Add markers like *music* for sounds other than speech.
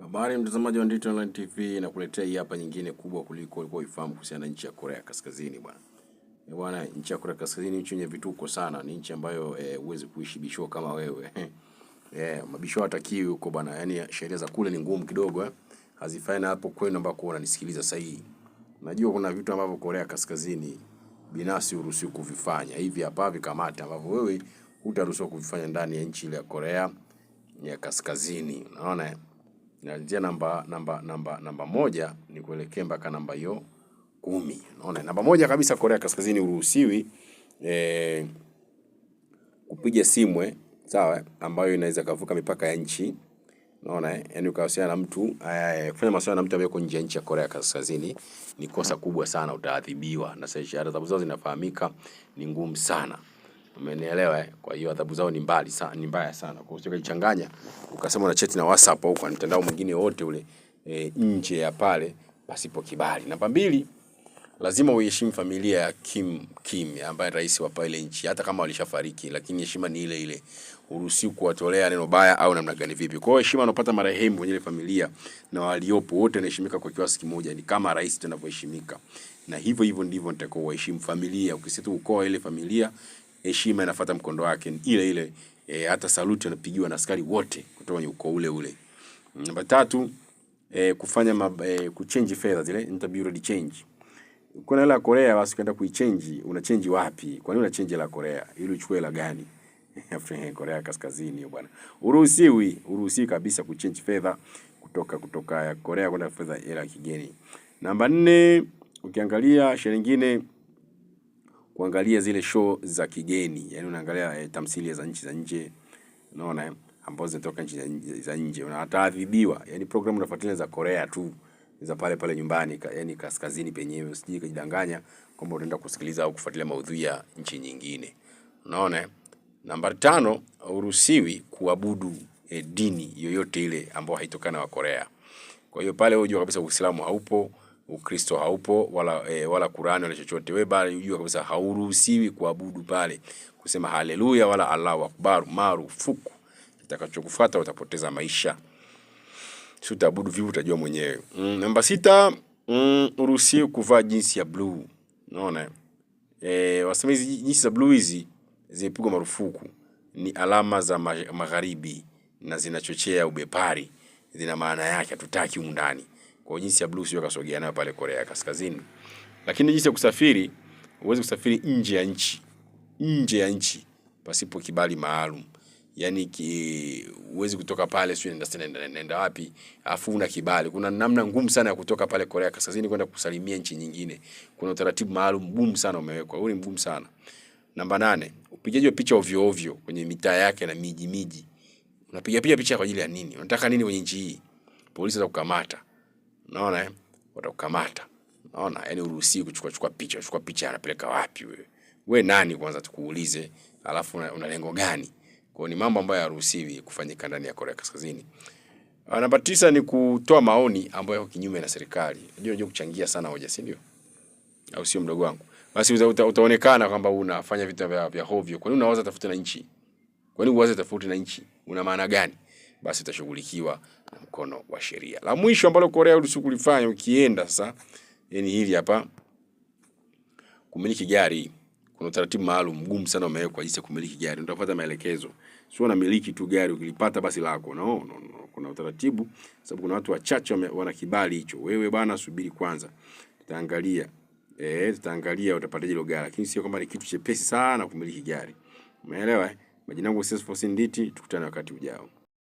Habari mtazamaji wa Ndito Online TV, na kuletea hii hapa nyingine kubwa kuliko ulikuwa ifahamu kuhusiana na nchi ya Korea Kaskazini bwana. E bwana, nchi ya Korea Kaskazini nchi yenye vituko sana, ni nchi ambayo e, eh, uwezi kuishi bisho kama wewe. *laughs* Eh, yeah, mabisho hatakiwi huko bwana. Yaani sheria za kule ni ngumu kidogo eh. Hazifai na hapo kwenu ambako unanisikiliza sasa hivi. Najua kuna vitu ambavyo Korea Kaskazini binafsi uruhusiwi kuvifanya. Hivi hapa vikamata ambavyo wewe hutaruhusiwa kuvifanya ndani ya nchi ile ya Korea ya Kaskazini. Unaona? eh? na namba namba namba namba moja ni kuelekea mpaka namba hiyo kumi. Unaona, namba moja kabisa Korea Kaskazini uruhusiwi eh, kupiga simu sawa, ambayo inaweza kavuka mipaka ya nchi. Unaona eh, yani ukawasiliana na mtu eh, kufanya mawasiliano na mtu ambaye yuko nje ya nchi ya Korea Kaskazini ni kosa kubwa sana, utaadhibiwa, na sheria zao zinafahamika, ni ngumu sana. Umenielewa eh? Kwa hiyo adhabu zao ni mbali sana, ni mbaya sana. Kwa hiyo ukichanganya ukasema una cheti na WhatsApp au kwa mtandao mwingine wote ule e, nje ya pale pasipo kibali. Namba mbili, lazima uheshimu familia ya Kim Kim ambaye rais wa pale nchi, hata kama walishafariki, lakini heshima ni ile ile. uruhusi kuwatolea neno baya au namna gani vipi. Kwa hiyo heshima anopata marehemu kwenye ile familia na waliopo wote wanaheshimika kwa kiasi kimoja, ni kama rais tunavyoheshimika, na hivyo hivyo ndivyo nitakuwa waheshimu familia, ukisitu ukoa ile familia heshima inafuata mkondo wake ile ile e, hata saluti wanapigiwa na askari wote kutoka kwenye uko ule ule. Namba tatu e, kufanya mab, e, kuchange fedha zile interbureau change. Kuna hela ya Korea basi ukaenda kuichange, una change wapi? Kwa nini una change la Korea? Ili uchukue hela gani? *laughs* Eh, Korea Kaskazini bwana. Uruhusiwi, uruhusiwi kabisa kuchange fedha kutoka kutoka ya Korea kwenda fedha ya kigeni. Namba nne ukiangalia sheria nyingine kuangalia zile show za kigeni, yani unaangalia eh, tamthilia za nchi za nje, unaona eh, ambazo zinatoka nchi za nje, na Yani program unafuatilia za Korea tu za pale pale nyumbani ka, yani kaskazini penyewe, usije kujidanganya kwamba unaenda kusikiliza au kufuatilia maudhui ya nchi nyingine, unaona. Eh, Namba tano, uruhusiwi kuabudu eh, dini yoyote ile ambayo haitokana wa Korea. Kwa hiyo pale wewe jua kabisa Uislamu haupo. Ukristo haupo wala e, wala Qur'ani wala chochote. Wewe bali unajua kabisa hauruhusiwi kuabudu pale, kusema haleluya wala Allahu akbar, marufuku. Kitakachokufuata utapoteza maisha, si utaabudu vipi? Utajua mwenyewe. Mm, namba sita, mm, uruhusiwi kuvaa jinsi ya blue. Unaona eh, wasema hizi jinsi za blue hizi zimepigwa marufuku, ni alama za magharibi na zinachochea ubepari, zina maana yake, hatutaki huko ndani. Kwa jinsi ya blue sio kasogea nayo pale Korea Kaskazini. Lakini jinsi ya kusafiri, huwezi kusafiri nje ya nchi. Nje ya nchi pasipo kibali maalum. Yaani ki, huwezi kutoka pale sio nenda nenda nenda wapi afu una kibali. Kuna namna ngumu sana ya kutoka pale Korea Kaskazini kwenda kusalimia nchi nyingine. Kuna utaratibu maalum mgumu sana umewekwa. Huu ni mgumu sana. Namba nane, upigaji wa picha ovyo ovyo kwenye mitaa yake na miji miji. Unapiga picha kwa ajili ya nini? Unataka nini kwenye nchi hii? Polisi watakukamata. Unaona eh? Watakukamata. Unaona? yani uruhusiwi kuchukua chukua picha, chukua picha anapeleka wapi wewe? Wewe nani kwanza tukuulize, alafu una, una lengo gani? Kwa ni mambo ambayo hayaruhusiwi kufanyika ndani ya Korea Kaskazini. Ah, namba tisa ni kutoa maoni ambayo yako kinyume na serikali. Unajua unajua kuchangia sana hoja, si ndio? Au sio mdogo wangu? Basi uta, utaonekana kwamba unafanya vitu vya, vya hovyo. Kwa nini unawaza tofauti na nchi? Kwa nini uwaze tofauti na nchi? Una maana gani? basi itashughulikiwa na mkono wa sheria. La mwisho ambalo Korea uruhusu kulifanya ukienda sasa, yani eh, hili hapa, kumiliki gari. Kuna taratibu maalum mgumu sana umewekwa jinsi ya kumiliki gari, utafuata maelekezo, sio na miliki tu gari ukilipata basi lako. No, no, no. Kuna utaratibu, sababu kuna watu wachache wana kibali hicho. Wewe bana, subiri kwanza, tutaangalia eh, tutaangalia utapataje hilo gari, lakini sio kwamba ni kitu chepesi sana kumiliki gari. Umeelewa? Eh? Majina yangu Sesi Fosinditi, tukutane wakati ujao.